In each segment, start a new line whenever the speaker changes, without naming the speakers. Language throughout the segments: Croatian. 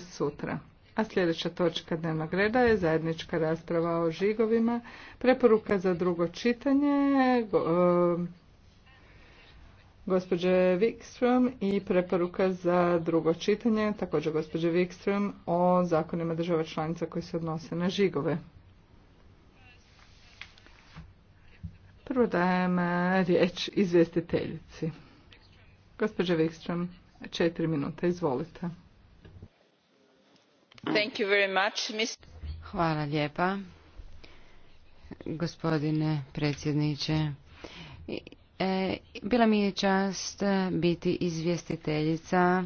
sutra. A sljedeća točka dnevnog reda je zajednička rasprava o žigovima, preporuka za drugo čitanje e, gospođe Wikström i preporuka za drugo čitanje, također gospođe Wikström, o zakonima država članica koji se odnose na žigove. Prvo dajem e, riječ izvjestiteljici. Gospođa Wikström, četiri minuta, izvolite.
Thank you Hvala lijepa, gospodine predsjedniče. E, bila mi je čast biti izvjestiteljica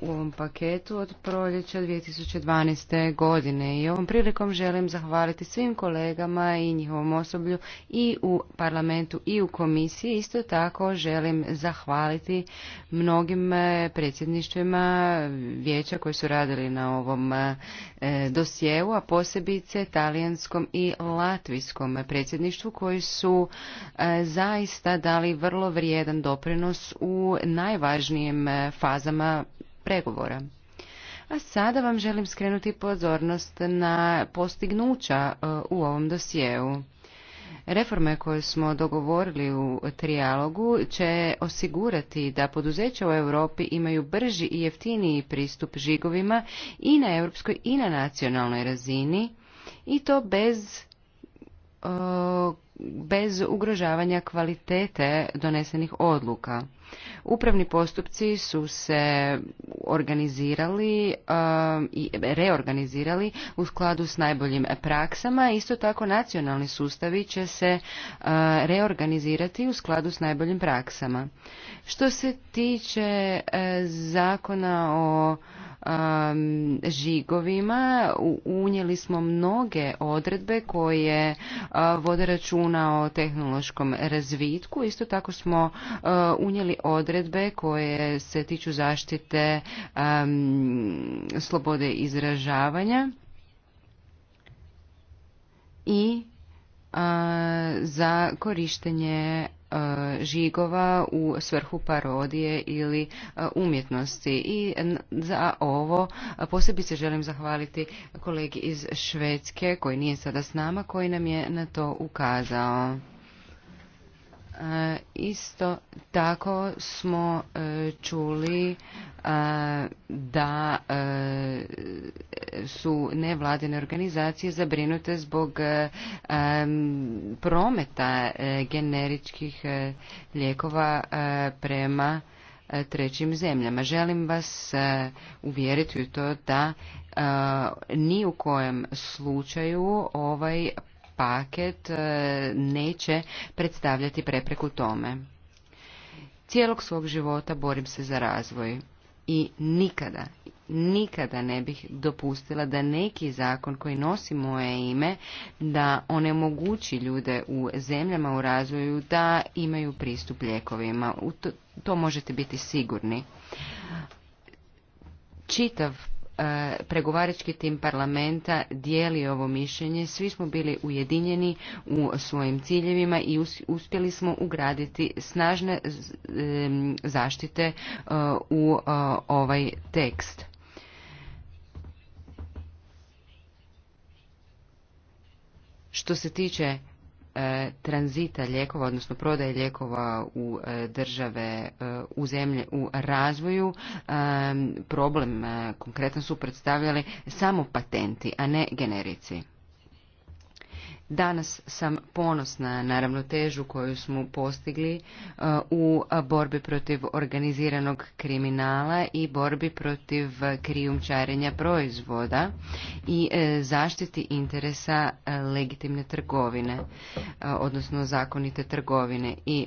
u ovom paketu od proljeća 2012. godine i ovom prilikom želim zahvaliti svim kolegama i njihovom osoblju i u parlamentu i u komisiji. Isto tako želim zahvaliti mnogim e, predsjedništvima vijeća koji su radili na ovom e, dosjeu, a posebice talijanskom i latvijskom predsjedništvu koji su e, zaista dali vrlo vrijedan doprinos u najvažnijim fazama pregovora. A sada vam želim skrenuti pozornost na postignuća e, u ovom dosjeu. Reforme koje smo dogovorili u trijalogu će osigurati da poduzeća u Europi imaju brži i jeftiniji pristup žigovima i na europskoj i na nacionalnoj razini i to bez e, bez ugrožavanja kvalitete donesenih odluka. Upravni postupci su se organizirali um, i reorganizirali u skladu s najboljim praksama. Isto tako nacionalni sustavi će se uh, reorganizirati u skladu s najboljim praksama. Što se tiče uh, zakona o žigovima unijeli smo mnoge odredbe koje vode računa o tehnološkom razvitku. Isto tako smo unijeli odredbe koje se tiču zaštite slobode izražavanja i za korištenje Eh, žigova u svrhu parodije ili eh, umjetnosti. I za ovo eh, posebice želim zahvaliti kolegi iz Švedske koji nije sada s nama, koji nam je na to ukazao. E, isto tako smo e, čuli e, da su nevladine organizacije zabrinute zbog prometa generičkih lijekova prema trećim zemljama. Želim vas uvjeriti u to da ni u kojem slučaju ovaj paket e, neće predstavljati prepreku tome. Cijelog svog života borim se za razvoj i nikada, nikada ne bih dopustila da neki zakon koji nosi moje ime, da onemogući ljude u zemljama u razvoju da imaju pristup ljekovima. U to, to možete biti sigurni. Čitav E, pregovarački tim parlamenta dijeli ovo mišljenje. Svi smo bili ujedinjeni u svojim ciljevima i uspjeli smo ugraditi snažne e, zaštite e, u ovaj tekst. Što se tiče E, tranzita lijekova, odnosno prodaje lijekova u e, države, e, u zemlje, u razvoju, problem konkretno su predstavljali samo patenti, a ne generici. Danas sam ponosna na ravnotežu koju smo postigli e, u borbi protiv organiziranog kriminala i borbi protiv krijumčarenja proizvoda i e, zaštiti interesa e, legitimne trgovine, odnosno zakonite trgovine. I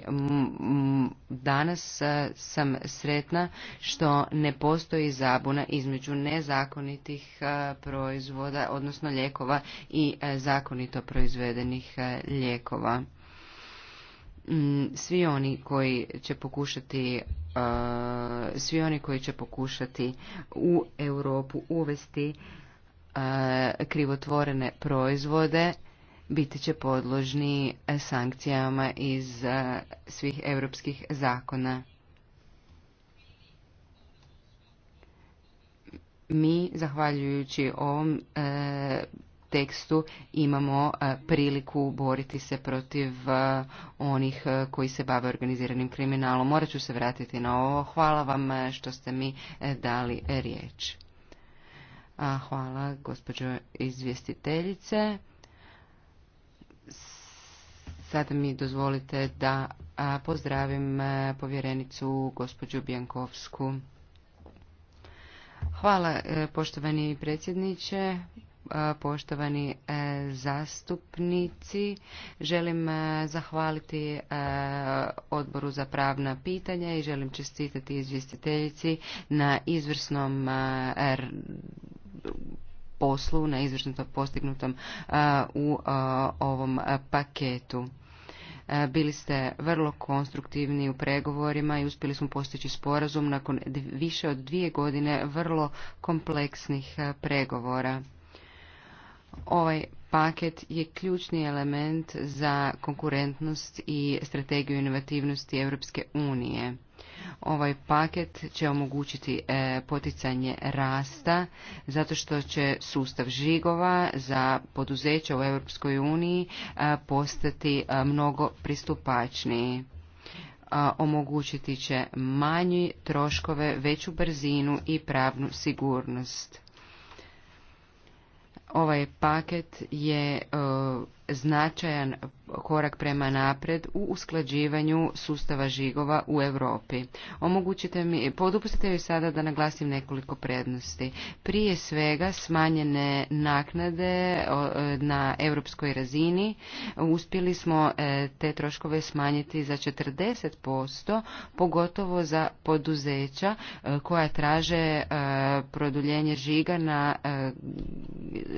danas sam sretna što ne postoji zabuna između nezakonitih proizvoda, odnosno lijekova i zakonito proizvoda proizvedenih e, lijekova. Mm, svi oni koji će pokušati e, svi oni koji će pokušati u Europu uvesti e, krivotvorene proizvode biti će podložni sankcijama iz svih europskih zakona. Mi, zahvaljujući ovom tekstu imamo e, priliku boriti se protiv e, onih e, koji se bave organiziranim kriminalom. Morat ću se vratiti na ovo. Hvala vam što ste mi dali riječ. Hvala gospođo izvjestiteljice. Sada mi dozvolite da pozdravim povjerenicu gospođu Bjankovsku. Hvala poštovani predsjedniče, poštovani e, zastupnici. Želim e, zahvaliti e, odboru za pravna pitanja i želim čestitati izvjestiteljici na izvrsnom poslu, na izvrsnom postignutom u ovom paketu bili ste vrlo konstruktivni u pregovorima i uspjeli smo postići sporazum nakon više od dvije godine vrlo kompleksnih pregovora. Ovaj paket je ključni element za konkurentnost i strategiju inovativnosti Europske unije. Ovaj paket će omogućiti e, poticanje rasta zato što će sustav žigova za poduzeća u Europskoj uniji e, postati e, mnogo pristupačniji omogućiti će manji troškove, veću brzinu i pravnu sigurnost. Ovaj paket je e, značajan korak prema napred u usklađivanju sustava žigova u Europi. Omogućite mi, podupustite mi sada da naglasim nekoliko prednosti. Prije svega smanjene naknade na europskoj razini. Uspjeli smo e, te troškove smanjiti za 40%, pogotovo za poduzeća e, koja traže e, produljenje žiga na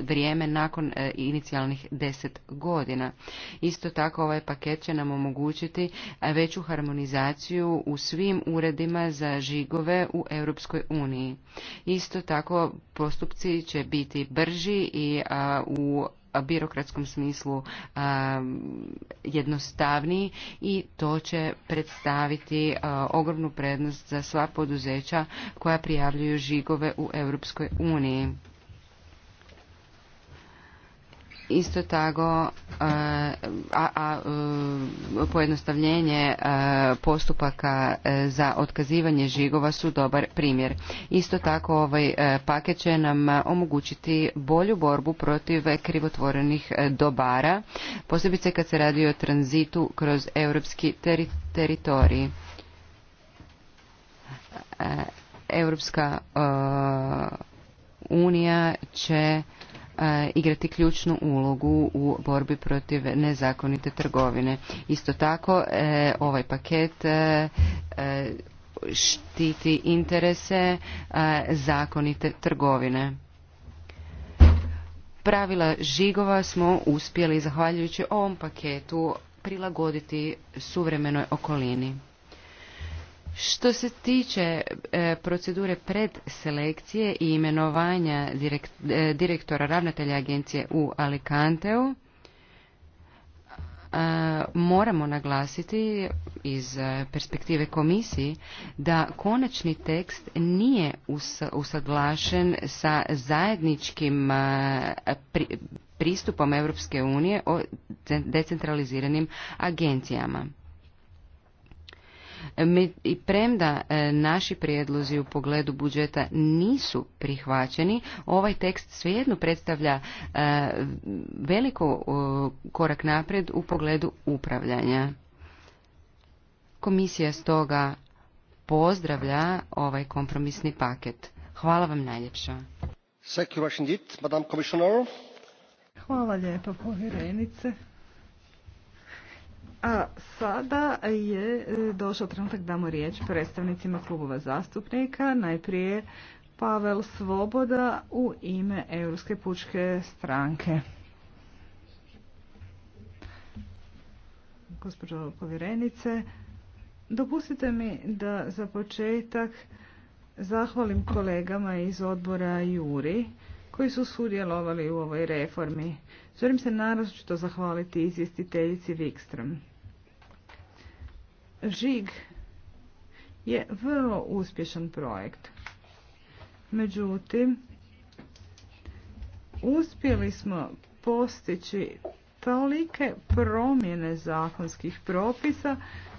vrijeme nakon inicijalnih 10 godina. Isto tako ovaj paket će nam omogućiti veću harmonizaciju u svim uredima za žigove u Europskoj uniji. Isto tako postupci će biti brži i u birokratskom smislu jednostavniji i to će predstaviti ogromnu prednost za sva poduzeća koja prijavljuju žigove u Europskoj uniji. Isto tako, e, a, e, pojednostavljenje e, postupaka za otkazivanje žigova su dobar primjer. Isto tako, ovaj paket će nam omogućiti bolju borbu protiv krivotvorenih dobara, posebice kad se radi o tranzitu kroz europski teri teritorij. Europska unija će igrati ključnu ulogu u borbi protiv nezakonite trgovine. Isto tako e, ovaj paket e, e, štiti interese zakonite trgovine. Pravila žigova smo uspjeli zahvaljujući ovom paketu prilagoditi suvremenoj okolini. Što se tiče e, procedure predselekcije i imenovanja e, direktora ravnatelja agencije u Alicanteu, e, moramo naglasiti iz perspektive komisiji da konačni tekst nije usadlašen sa zajedničkim pristupom Europske unije o decentraliziranim agencijama. I premda e, naši prijedlozi u pogledu budžeta nisu prihvaćeni, ovaj tekst svejedno predstavlja e, veliko e, korak naprijed u pogledu upravljanja. Komisija stoga pozdravlja ovaj kompromisni paket. Hvala vam najljepša.
Hvala lijepa povjerenice. A sada je e, došao trenutak da damo riječ predstavnicima klubova zastupnika. Najprije Pavel Svoboda u ime Europske pučke stranke. Gospođo povjerenice, dopustite mi da za početak zahvalim kolegama iz odbora Juri koji su sudjelovali u ovoj reformi. Želim se naročito zahvaliti izvjestiteljici Wikström. Žig je vrlo uspješan projekt. Međutim, uspjeli smo postići tolike promjene zakonskih propisa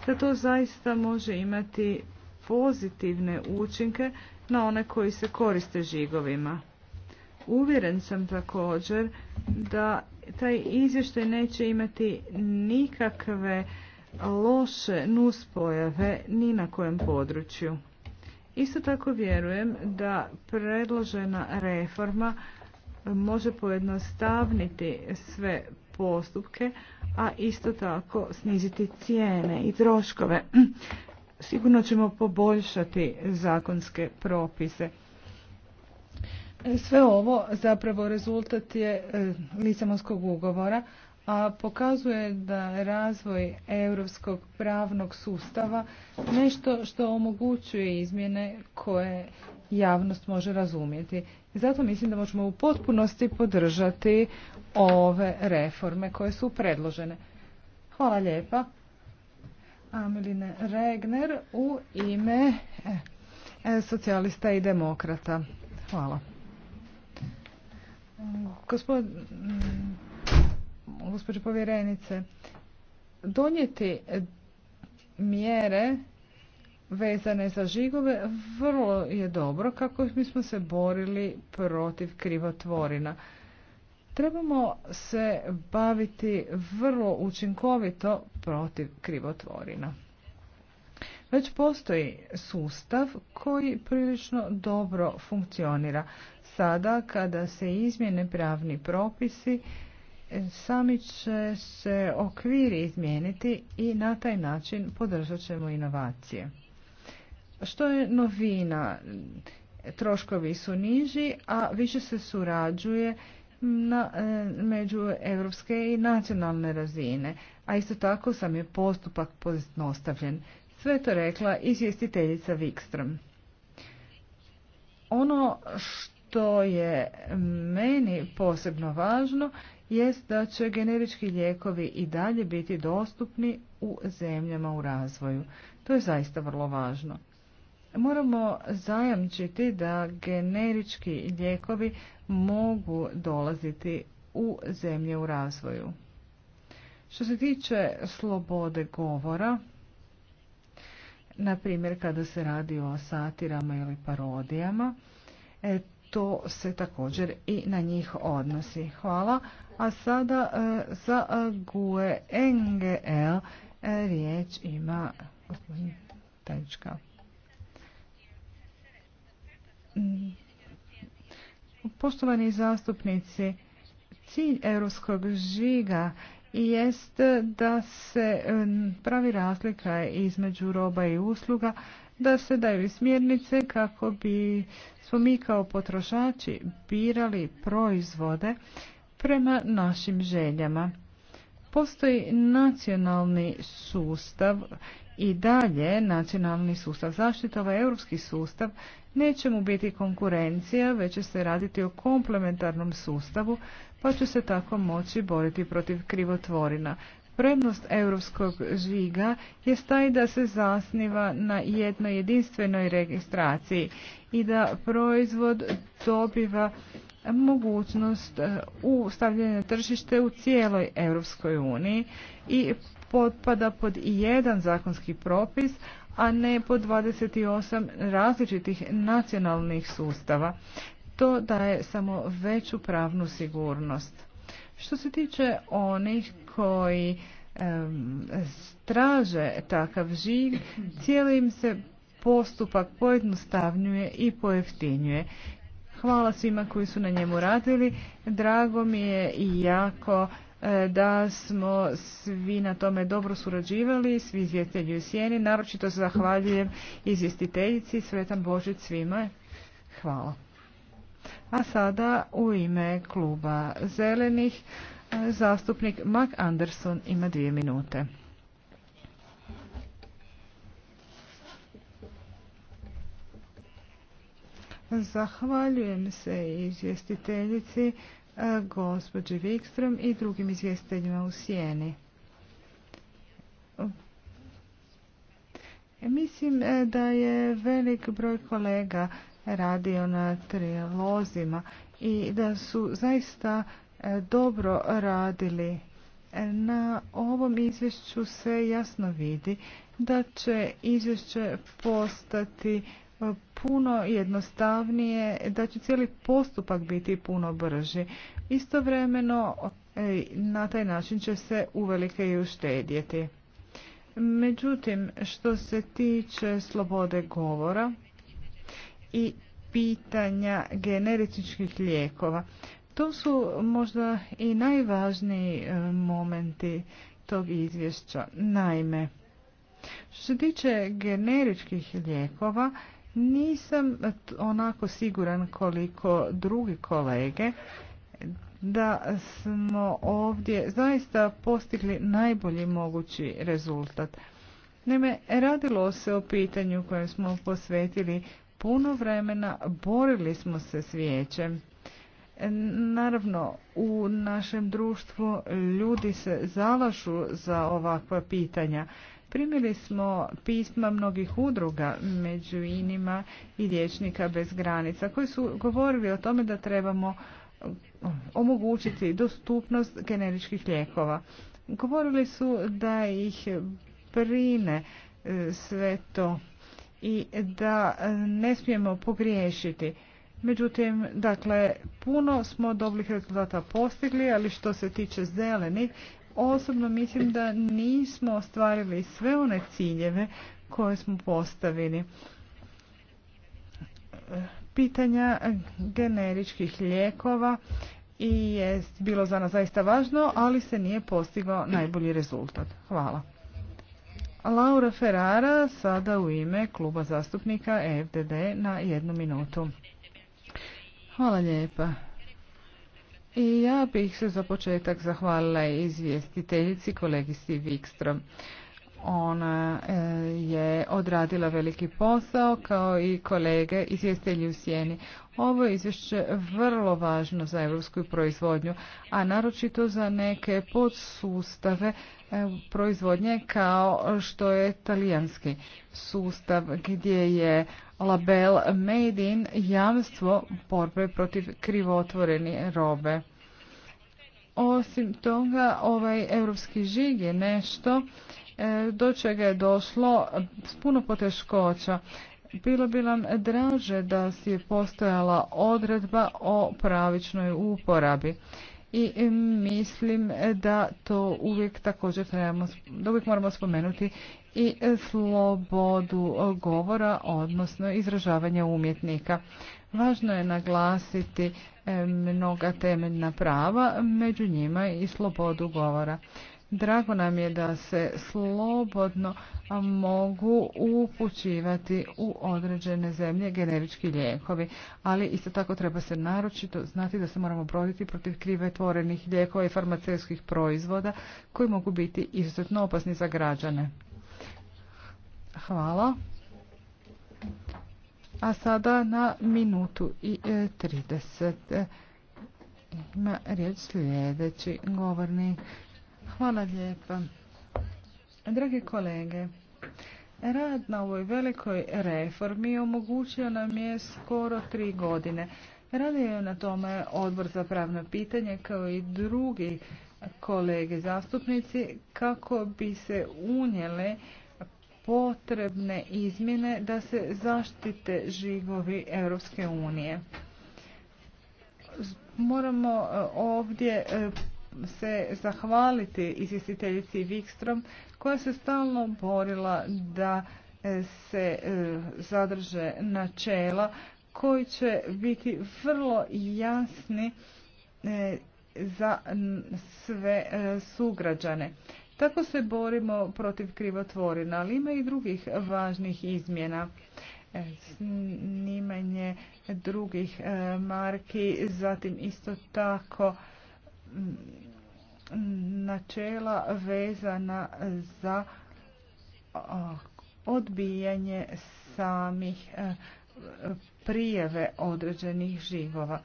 da to zaista može imati pozitivne učinke na one koji se koriste žigovima. Uvjeren sam također da taj izvještaj neće imati nikakve loše nuspojave ni na kojem području. Isto tako vjerujem da predložena reforma može pojednostavniti sve postupke, a isto tako sniziti cijene i troškove. Sigurno ćemo poboljšati zakonske propise. E, sve ovo zapravo rezultat je e, Lisamonskog ugovora, a pokazuje da razvoj europskog pravnog sustava nešto što omogućuje izmjene koje javnost može razumjeti. zato mislim da možemo u potpunosti podržati ove reforme koje su predložene. Hvala lijepa. Ameline Regner u ime e, socijalista i demokrata. Hvala. Gospod gospođo povjerenice, donijeti mjere vezane za žigove vrlo je dobro kako mi smo se borili protiv krivotvorina. Trebamo se baviti vrlo učinkovito protiv krivotvorina. Već postoji sustav koji prilično dobro funkcionira. Sada kada se izmjene pravni propisi, Sami će se okviri izmijeniti i na taj način podržat ćemo inovacije. Što je novina? Troškovi su niži, a više se surađuje na, e, među evropske i nacionalne razine, a isto tako sam je postupak ostavljen. Sve to rekla izvjestiteljica Wikström. Ono što je meni posebno važno jest da će generički lijekovi i dalje biti dostupni u zemljama u razvoju. To je zaista vrlo važno. Moramo zajamčiti da generički lijekovi mogu dolaziti u zemlje u razvoju. Što se tiče slobode govora, na primjer kada se radi o satirama ili parodijama, e, to se također i na njih odnosi. Hvala. A sada e, za e, GUE NGL e, riječ ima gospodin Tajčka. Poštovani zastupnici, cilj europskog žiga jest da se pravi razlika između roba i usluga da se daju smjernice kako bi smo mi kao potrošači birali proizvode prema našim željama. Postoji nacionalni sustav i dalje nacionalni sustav zaštite, ovaj europski sustav neće mu biti konkurencija, već će se raditi o komplementarnom sustavu, pa će se tako moći boriti protiv krivotvorina. Prednost europskog žiga je taj da se zasniva na jednoj jedinstvenoj registraciji i da proizvod dobiva mogućnost e, u tržište u cijeloj Europskoj uniji i potpada pod jedan zakonski propis, a ne pod 28 različitih nacionalnih sustava. To daje samo veću pravnu sigurnost. Što se tiče onih koji straže takav živ, cijeli im se postupak pojednostavnjuje i pojeftinjuje. Hvala svima koji su na njemu radili. Drago mi je i jako e, da smo svi na tome dobro surađivali, svi izvjetelji u sjeni. Naročito se zahvaljujem izvjestiteljici. svetan Božić svima. Hvala. A sada u ime kluba zelenih Zastupnik Mark Anderson ima dvije minute. Zahvaljujem se izvjestiteljici e, gospođi Wikström i drugim izvjestiteljima u Sijeni. E, mislim e, da je velik broj kolega radio na trilozima i da su zaista E, dobro radili. E, na ovom izvješću se jasno vidi da će izvješće postati e, puno jednostavnije, da će cijeli postupak biti puno brži. Istovremeno na taj način će se uvelike i uštedjeti. Međutim, što se tiče slobode govora i pitanja generičkih lijekova, to su možda i najvažniji e, momenti tog izvješća. Naime, što se tiče generičkih lijekova, nisam onako siguran koliko drugi kolege da smo ovdje zaista postigli najbolji mogući rezultat. Naime, radilo se o pitanju kojem smo posvetili puno vremena, borili smo se s vijećem. Naravno, u našem društvu ljudi se zalažu za ovakva pitanja. Primili smo pisma mnogih udruga, među inima i liječnika bez granica, koji su govorili o tome da trebamo omogućiti dostupnost generičkih lijekova. Govorili su da ih brine e, sve to i da ne smijemo pogriješiti. Međutim, dakle, puno smo dobrih rezultata postigli, ali što se tiče zeleni, osobno mislim da nismo ostvarili sve one ciljeve koje smo postavili. Pitanja generičkih lijekova i je bilo za nas zaista važno, ali se nije postigao najbolji rezultat. Hvala. Laura Ferrara sada u ime kluba zastupnika FDD na jednu minutu. Hvala lijepa. I ja bih se za početak zahvalila izvjestiteljici kolegici Vikstrom. Ona e, je odradila veliki posao kao i kolege izvjestelji u sjeni. Ovo je izvješće vrlo važno za europsku proizvodnju, a naročito za neke podsustave E, proizvodnje kao što je talijanski sustav gdje je label made in jamstvo borbe protiv krivotvorene robe. Osim toga, ovaj europski žig je nešto e, do čega je došlo s puno poteškoća. Bilo bi nam draže da si je postojala odredba o pravičnoj uporabi i mislim da to uvijek također trebamo, da uvijek moramo spomenuti i slobodu govora, odnosno izražavanja umjetnika. Važno je naglasiti e, mnoga temeljna prava, među njima i slobodu govora. Drago nam je da se slobodno mogu upućivati u određene zemlje generički lijekovi, ali isto tako treba se naročito znati da se moramo broditi protiv krivotvorenih lijekova i farmaceutskih proizvoda koji mogu biti izuzetno opasni za građane. Hvala. A sada na minutu i 30. E, Ima riječ sljedeći govornik. Hvala lijepa. Dragi kolege, rad na ovoj velikoj reformi omogućio nam je skoro tri godine. Radio je na tome odbor za pravno pitanje kao i drugi kolege zastupnici kako bi se unijele potrebne izmjene da se zaštite žigovi Europske unije. Moramo e, ovdje e, se zahvaliti izvjestiteljici Vikstrom koja se stalno borila da e, se e, zadrže načela koji će biti vrlo jasni e, za sve sugrađane. Tako se borimo protiv krivotvorina, ali ima i drugih važnih izmjena. Snimanje drugih marki, zatim isto tako načela vezana za odbijanje samih e, prijeve određenih živova.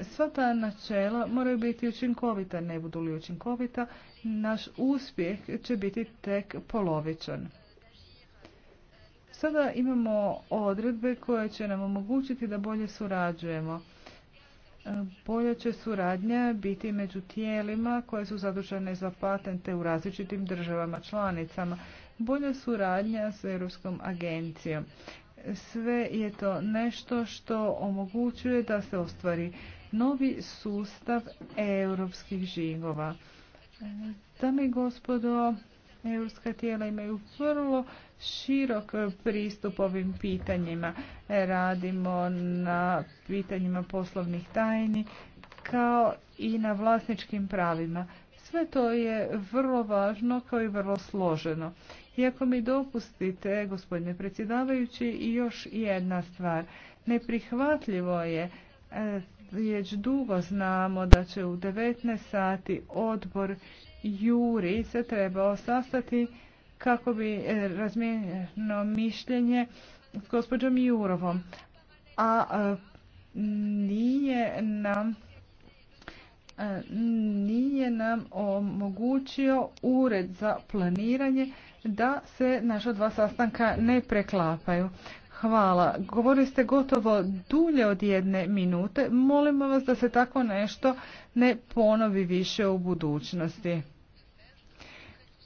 Sva ta načela moraju biti učinkovita, ne budu li učinkovita, naš uspjeh će biti tek polovičan. Sada imamo odredbe koje će nam omogućiti da bolje surađujemo bolja će suradnja biti među tijelima koje su zadužene za patente u različitim državama članicama, bolja suradnja s Europskom agencijom. Sve je to nešto što omogućuje da se ostvari novi sustav europskih žigova. Dame i gospodo, Europska tijela imaju vrlo širok pristup ovim pitanjima. Radimo na pitanjima poslovnih tajni kao i na vlasničkim pravima. Sve to je vrlo važno kao i vrlo složeno. I ako mi dopustite, gospodine predsjedavajući, još jedna stvar. Neprihvatljivo je e, već dugo znamo da će u 19 sati odbor Juri se trebao sastati kako bi e, razmijenjeno mišljenje s gospođom Jurovom. A e, nije nam e, nije nam omogućio ured za planiranje da se naša dva sastanka ne preklapaju. Hvala. Govorili ste gotovo dulje od jedne minute. Molimo vas da se tako nešto ne ponovi više u budućnosti.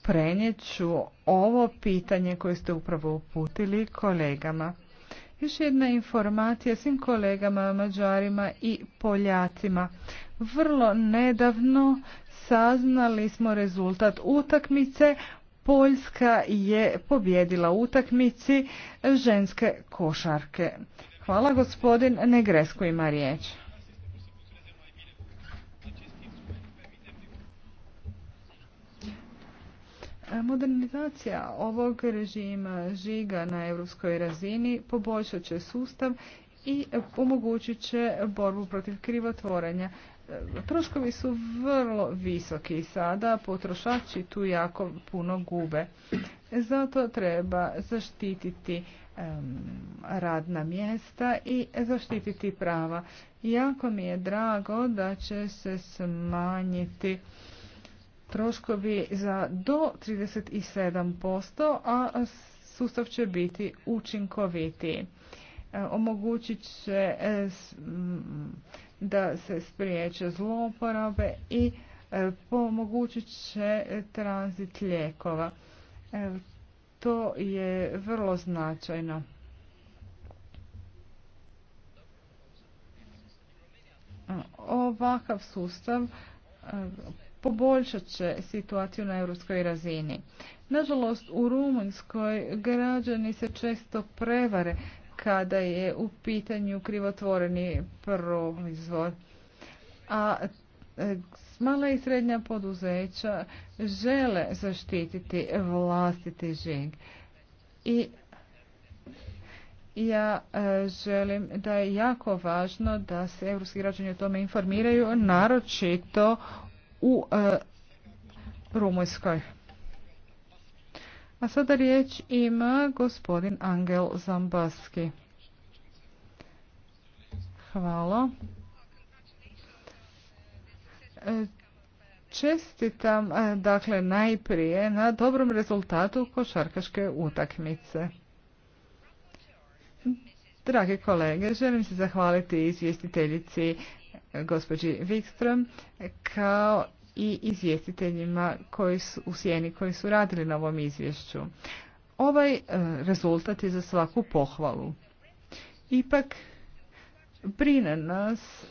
Prenjeću ovo pitanje koje ste upravo uputili kolegama. Još jedna informacija svim kolegama, mađarima i poljacima. Vrlo nedavno saznali smo rezultat utakmice Poljska je pobjedila u utakmici ženske košarke. Hvala gospodin Negresko ima riječ. Modernizacija ovog režima žiga na europskoj razini poboljšat će sustav i omogućit će borbu protiv krivotvorenja troškovi su vrlo visoki sada potrošači tu jako puno gube. Zato treba zaštititi radna mjesta i zaštititi prava. Jako mi je drago da će se smanjiti troškovi za do 37%, a sustav će biti učinkovitiji. E, omogućit će e, da se spriječe zloporabe i e, pomogućit će tranzit lijekova. E, to je vrlo značajno. Ovakav sustav e, poboljšat će situaciju na europskoj razini. Nažalost, u Rumunjskoj građani se često prevare kada je u pitanju krivotvoreni proizvod. A e, mala i srednja poduzeća žele zaštititi vlastiti žig. I ja e, želim da je jako važno da se evropski građani o tome informiraju, naročito u e, Rumunjskoj. A sada riječ ima gospodin Angel Zambaski. Hvala. E, čestitam, e, dakle, najprije na dobrom rezultatu košarkaške utakmice. Dragi kolege, želim se zahvaliti izvjestiteljici gospođi Wikström kao i izvjestiteljima koji su, u sjeni koji su radili na ovom izvješću. Ovaj e, rezultat je za svaku pohvalu. Ipak brine nas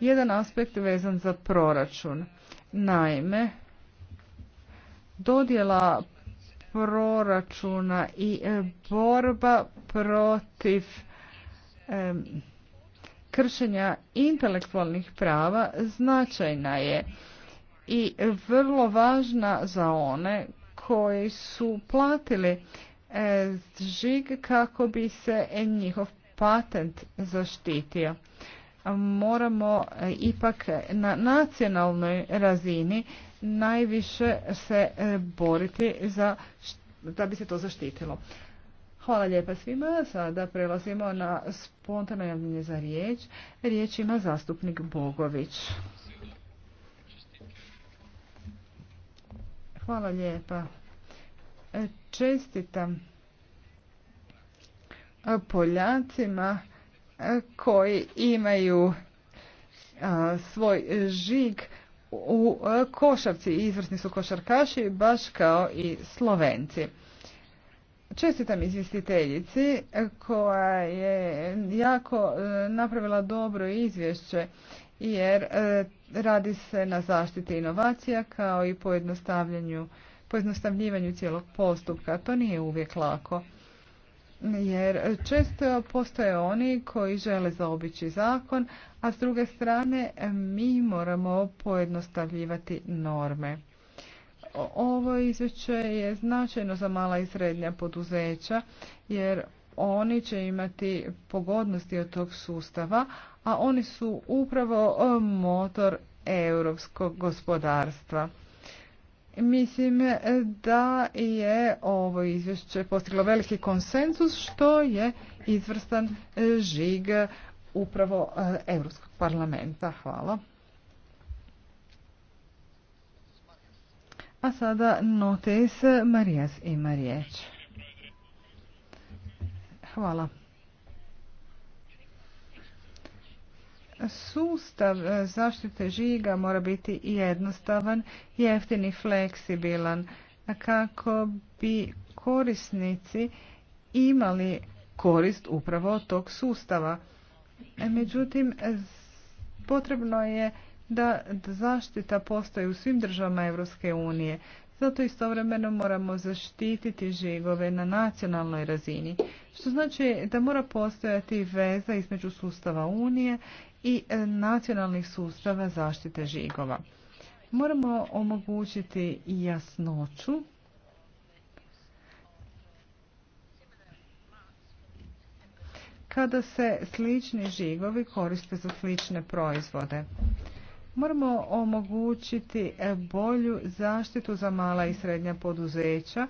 jedan aspekt vezan za proračun. Naime, dodjela proračuna i e, borba protiv e, kršenja intelektualnih prava značajna je i vrlo važna za one koji su platili e, žig kako bi se e, njihov patent zaštitio. Moramo e, ipak na nacionalnoj razini najviše se boriti za, da bi se to zaštitilo. Hvala lijepa svima. Sada prelazimo na spontano javljanje za riječ. Riječ ima zastupnik Bogović. Hvala lijepa. E, čestitam e, Poljacima e, koji imaju svoj žig u košarci. Izvrsni su košarkaši, baš kao i Slovenci. Čestitam izvjestiteljici koja je jako napravila dobro izvješće jer e, radi se na zaštiti inovacija kao i pojednostavljivanju cijelog postupka. To nije uvijek lako. Jer često postoje oni koji žele zaobići zakon, a s druge strane mi moramo pojednostavljivati norme. Ovo izveće je značajno za mala i srednja poduzeća jer oni će imati pogodnosti od tog sustava, a oni su upravo e, motor europskog gospodarstva. Mislim e, da je ovo izvješće postiglo veliki konsenzus što je izvrstan e, žig upravo Europskog parlamenta. Hvala. A sada notes Marijas ima riječ. Hvala. Sustav e, zaštite žiga mora biti jednostavan, jeftin i fleksibilan kako bi korisnici imali korist upravo od tog sustava. E, međutim, potrebno je da zaštita postoji u svim državama Europske unije. Zato istovremeno moramo zaštititi žigove na nacionalnoj razini, što znači da mora postojati veza između sustava Unije i e, nacionalnih sustava zaštite žigova. Moramo omogućiti jasnoću kada se slični žigovi koriste za slične proizvode. Moramo omogućiti e, bolju zaštitu za mala i srednja poduzeća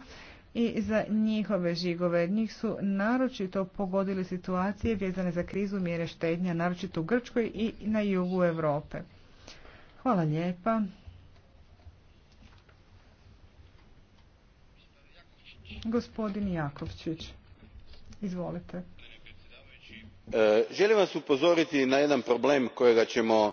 i za njihove žigove. Njih su naročito pogodili situacije vezane za krizu mjere štednja, naročito u Grčkoj i na jugu Europe. Hvala lijepa. Gospodin Jakovčić, izvolite.
E, želim vas upozoriti na jedan problem kojega ćemo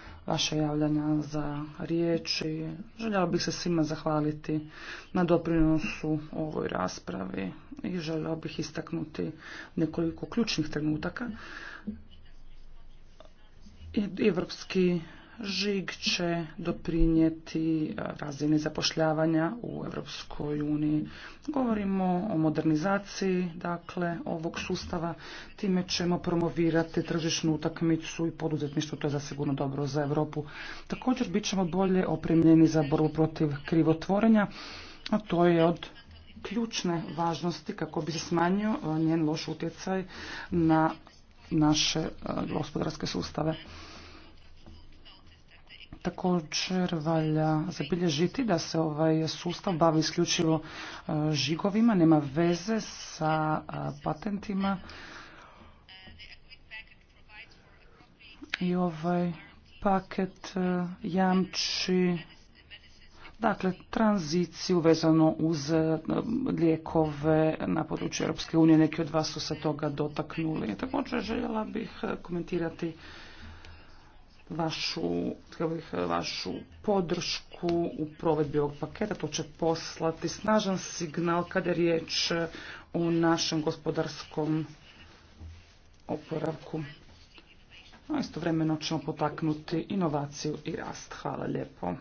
vaše javljanja za riječ i željela bih se svima zahvaliti na doprinosu ovoj raspravi i željela bih istaknuti nekoliko ključnih trenutaka. Evropski Žig će doprinijeti razini zapošljavanja u Europskoj uniji. Govorimo o modernizaciji dakle, ovog sustava. Time ćemo promovirati tržišnu utakmicu i poduzetništvo. To je zasigurno dobro za Europu. Također bit ćemo bolje opremljeni za borbu protiv krivotvorenja, a to je od ključne važnosti kako bi se smanjio njen loš utjecaj na naše gospodarske sustave. Također valja zabilježiti da se ovaj sustav bavi isključivo e, žigovima, nema veze sa e, patentima i ovaj paket e, jamči dakle tranziciju vezano uz lijekove na području Europske unije. Neki od vas su se toga dotaknuli. Također željela bih komentirati vašu, podršku u provedbi ovog paketa. To će poslati snažan signal kada je riječ o našem gospodarskom oporavku. A istovremeno ćemo potaknuti inovaciju i rast. Hvala lijepo.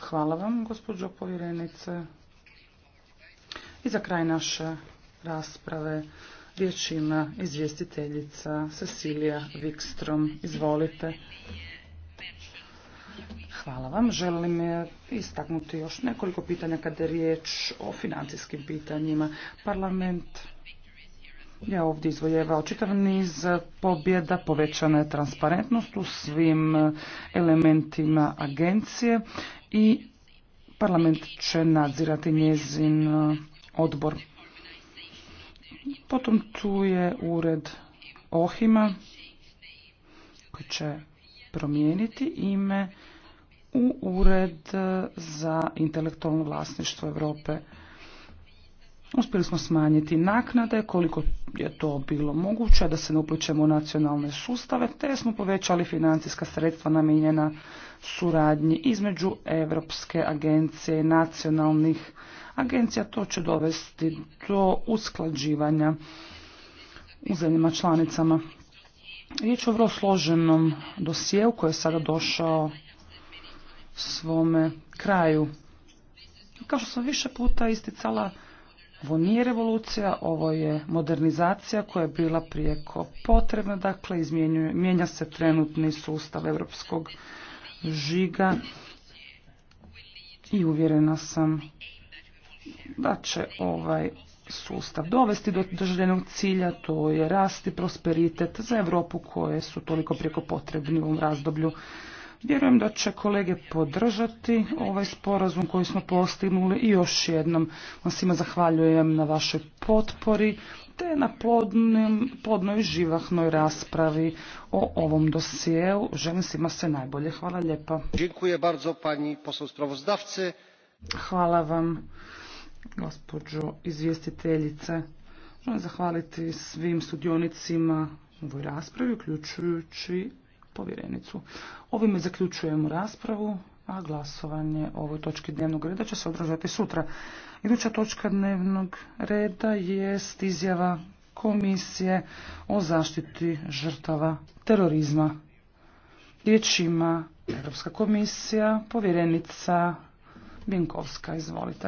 Hvala vam, gospođo povjerenice. I za kraj naše rasprave Riječ ima izvjestiteljica Cecilija Wikstrom. Izvolite. Hvala vam. Želim istaknuti još nekoliko pitanja kada je riječ o financijskim pitanjima. Parlament je ovdje izvojevao čitav niz pobjeda, povećana je transparentnost u svim elementima agencije i parlament će nadzirati njezin odbor. Potom tu je ured Ohima koji će promijeniti ime u ured za intelektualno vlasništvo Europe. Uspjeli smo smanjiti naknade koliko je to bilo moguće, da se ne uplićemo u nacionalne sustave, te smo povećali financijska sredstva namijenjena suradnji između Europske agencije i nacionalnih agencija. To će dovesti do usklađivanja u zemljama članicama. Riječ je o vrlo složenom dosijeu koji je sada došao svome kraju. Kao što sam više puta isticala, ovo nije revolucija, ovo je modernizacija koja je bila prijeko potrebna, dakle mijenja se trenutni sustav europskog žiga i uvjerena sam da će ovaj sustav dovesti do državljenog cilja, to je rasti prosperitet za Europu koje su toliko prijeko potrebni u ovom razdoblju. Vjerujem da će kolege podržati ovaj sporazum koji smo postignuli i još jednom vam svima zahvaljujem na vašoj potpori te na plodnoj živahnoj raspravi o ovom dosijeu. Želim svima sve najbolje. Hvala lijepa. Hvala vam, gospođo izvjestiteljice. Želim zahvaliti svim sudionicima u ovoj raspravi, uključujući povjerenicu. Ovime zaključujemo raspravu, a glasovanje o ovoj točki dnevnog reda će se održati sutra. Iduća točka dnevnog reda je izjava Komisije o zaštiti žrtava terorizma. Riječ ima Europska komisija, povjerenica Binkovska, izvolite.